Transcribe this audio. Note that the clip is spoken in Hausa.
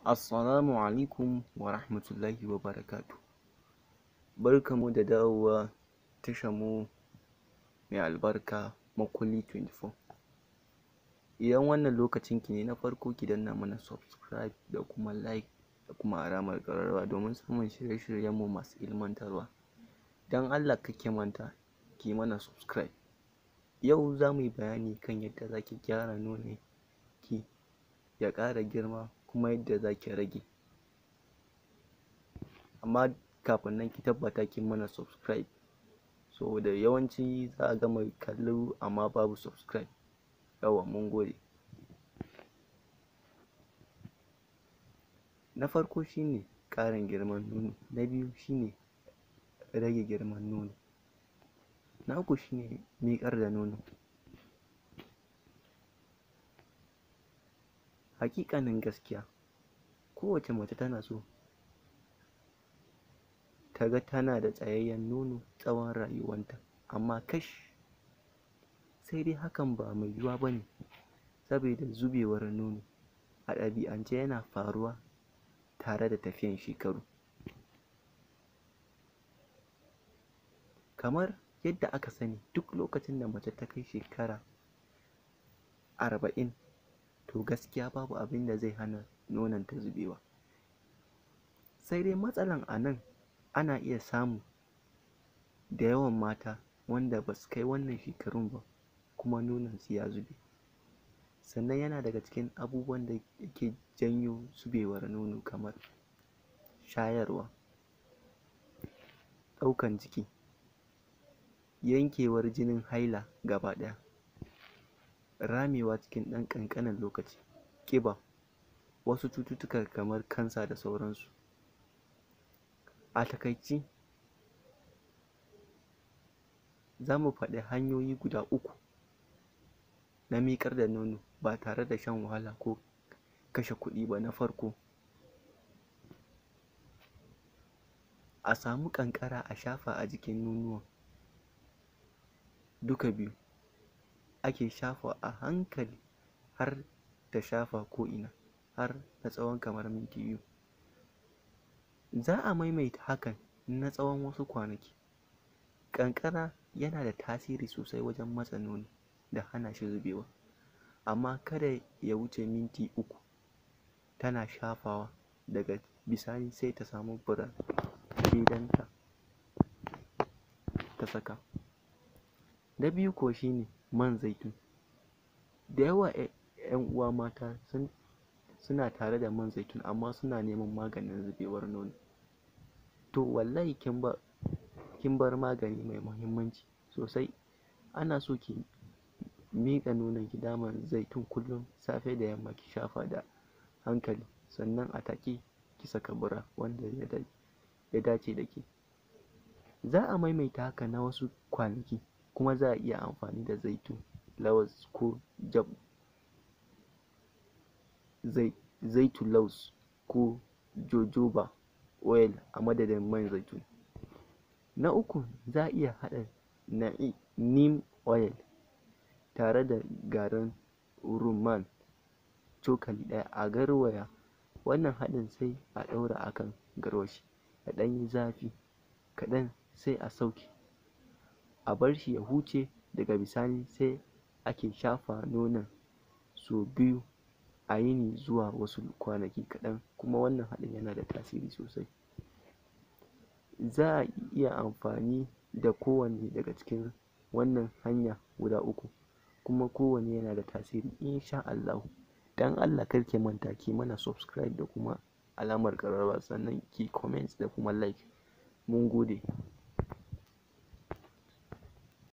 Assalamu alaikum wa rahmatullahi wa barakatu. Barka mu da dawowa mu mai albarka Makulli 24. Idan wannan lokacin ki ne na farko ki danna mana subscribe da kuma like da kuma aramar ƙararrawa domin samun shirye mu masu ilmantarwa. Don Allah kake manta ki mana subscribe. Yau za mu yi bayani kan yadda za ki gyara nonon ki ya ƙara girma kuma yadda za ki rage amma kafin nan ki tabbata kin mana subscribe saboda yawanci za a gama kallo amma babu subscribe yawwa mun gode na farko shine ƙarin girman nono na biyu shine rage girman nono na uku shine miƙar da nono haƙiƙanin gaskiya kowace mace tana so ta ga tana da tsayayyen nono tsawon rayuwanta amma kash sai dai hakan ba mai yiwuwa ba ne saboda zubewar nono a ɗabi'ance yana faruwa tare da tafiyan shekaru kamar yadda aka sani duk lokacin da mace ta kai shekara arba'in to gaskiya babu abin da zai hana nonon ta zubewa sai dai matsalan a nan ana iya samu da yawan mata wanda ba su kai wannan shekarun ba kuma su ya zube sannan yana daga cikin abubuwan da ke janyo zubewar nono kamar shayarwa ɗaukan ciki yankewar jinin haila gaba ɗaya ramewa cikin ɗan ƙanƙanin lokaci ƙiba wasu cututtuka kamar kansa da sauransu a takaici za mu faɗi hanyoyi guda uku na miƙar da nono ba tare da shan wahala ko kashe kuɗi ba na farko a samu ƙanƙara a shafa a jikin nonuwan duka biyu ake shafa a hankali har ta shafa ko'ina har na tsawon kamar minti biyu za a maimaita hakan na tsawon wasu kwanaki ƙanƙara yana da tasiri sosai wajen matse nono da hana shi zubewa amma kada ya wuce minti uku tana shafawa daga bisani sai ta samu furar danta ta saka na biyu kuwa shi ne man zaitun da yawa 'yan e, uwa mata suna tare da man zaitun amma suna neman maganin zubewar nono to wallahi kin bar magani mai muhimmanci sosai ana so ki miƙa gida man zaitun kullum safe da yamma ki shafa da hankali sannan a take ki saka bura wanda ya dace da ke za a maimaita haka na wasu kwanaki kuma za a iya amfani da zaitun ko jab zaitun laus ko jojoba oil a madadin man zaitun na uku za a iya haɗa neem oil tare da garin rumman cokali ɗaya a garwaya wannan haɗin sai a ɗaura a kan garwashi ya ɗan yi zafi kaɗan sai a sauke a bar shi ya huce daga bisani sai ake shafa nonon sau biyu a yini zuwa wasu kwanaki kaɗan kuma wannan haɗin yana da tasiri sosai za a iya amfani da kowanne daga cikin wannan hanya guda uku kuma kowanne yana da tasiri insha Allahu dan Allah kar ki manta ki mana subscribe da kuma alamar ƙararrawa sannan ki comment da kuma like mun gode